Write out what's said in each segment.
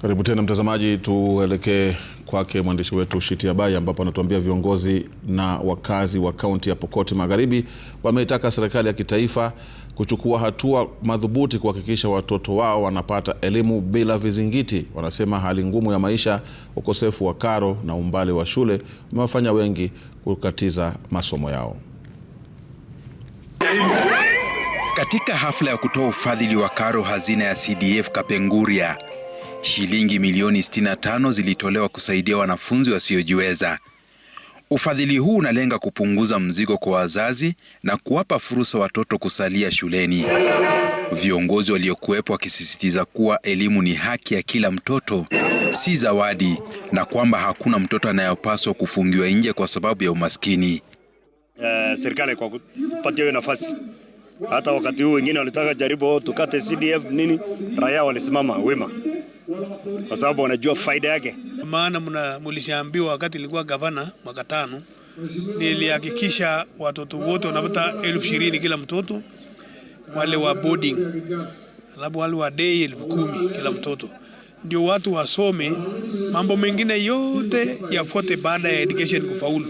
Karibu tena mtazamaji, tuelekee kwake mwandishi wetu Shiti Abai ambapo anatuambia viongozi na wakazi wa kaunti ya Pokot Magharibi wameitaka serikali ya kitaifa kuchukua hatua madhubuti kuhakikisha watoto wao wanapata elimu bila vizingiti. Wanasema hali ngumu ya maisha, ukosefu wa karo na umbali wa shule umewafanya wengi kukatiza masomo yao. Katika hafla ya kutoa ufadhili wa karo hazina ya CDF Kapenguria shilingi milioni 65 zilitolewa kusaidia wanafunzi wasiojiweza. Ufadhili huu unalenga kupunguza mzigo kwa wazazi na kuwapa fursa watoto kusalia shuleni. Viongozi waliokuwepo wakisisitiza kuwa elimu ni haki ya kila mtoto, si zawadi, na kwamba hakuna mtoto anayopaswa kufungiwa nje kwa sababu ya umaskini. Uh, serikali kwa kupatia hiyo nafasi hata wakati huu wengine walitaka jaribu oh, tukate CDF nini, raia walisimama wima kwa sababu wanajua faida yake. Maana mna mlishaambiwa wakati ilikuwa gavana mwaka tano, nilihakikisha watoto wote wanapata elfu ishirini kila mtoto, wale wa boarding, alafu wale wa day elfu kumi kila mtoto ndio watu wasome, mambo mengine yote yafuate baada ya education kufaulu.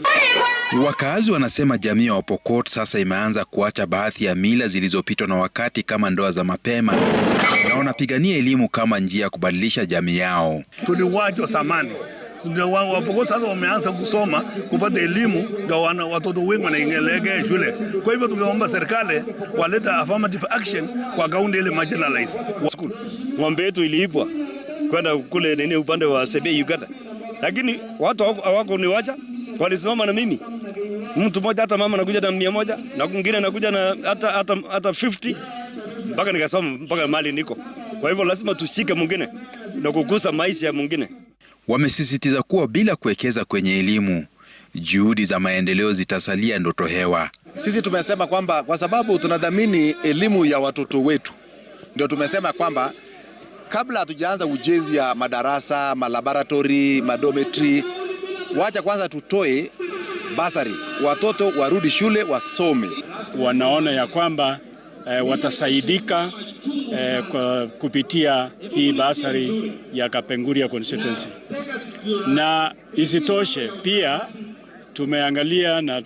Wakazi wanasema jamii ya Wapokot sasa imeanza kuacha baadhi ya mila zilizopitwa na wakati kama ndoa za mapema, na wanapigania elimu kama njia ya kubadilisha jamii yao. Tuliwacho zamani Wapokot sasa wameanza kusoma kupata elimu, ndo wana watoto wengi wanaelekea shule. Kwa hivyo tukiomba serikali waleta affirmative action kwa kaunti ile marginalized. Ng'ombe yetu iliibwa kwenda kule nini upande wa Sebei Uganda, lakini watu hawako wacha, walisimama na mimi mtu mmoja, hata mama anakuja na mia moja na mwingine anakuja na hata hata hata 50 mpaka nikasoma mpaka mali niko. Kwa hivyo lazima tushike mwingine na kukusa maisha ya mwingine. Wamesisitiza kuwa bila kuwekeza kwenye elimu juhudi za maendeleo zitasalia ndoto hewa. Sisi tumesema kwamba kwa sababu tunadhamini elimu ya watoto wetu, ndio tumesema kwamba kabla hatujaanza ujenzi ya madarasa, malaboratori, madometri, wacha kwanza tutoe basari, watoto warudi shule wasome. Wanaona ya kwamba eh, watasaidika eh, kwa kupitia hii basari ya Kapenguria constituency, na isitoshe pia tumeangalia na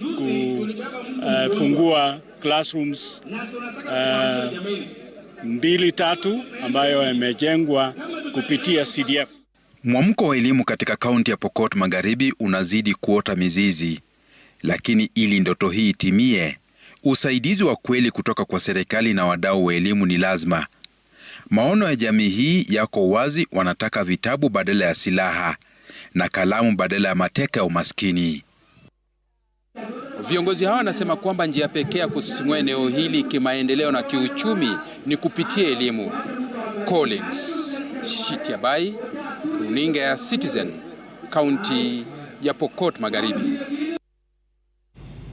kufungua eh, classrooms eh, mbili tatu ambayo yamejengwa kupitia CDF. Mwamko wa elimu katika kaunti ya Pokot Magharibi unazidi kuota mizizi, lakini ili ndoto hii itimie, usaidizi wa kweli kutoka kwa serikali na wadau wa elimu ni lazima. Maono ya jamii hii yako wazi, wanataka vitabu badala ya silaha na kalamu badala ya mateka ya umaskini. Viongozi hawa wanasema kwamba njia pekee ya kusisimua eneo hili kimaendeleo na kiuchumi ni kupitia elimu. Collins Shitiabai, runinga ya Citizen, kaunti ya Pokot Magharibi.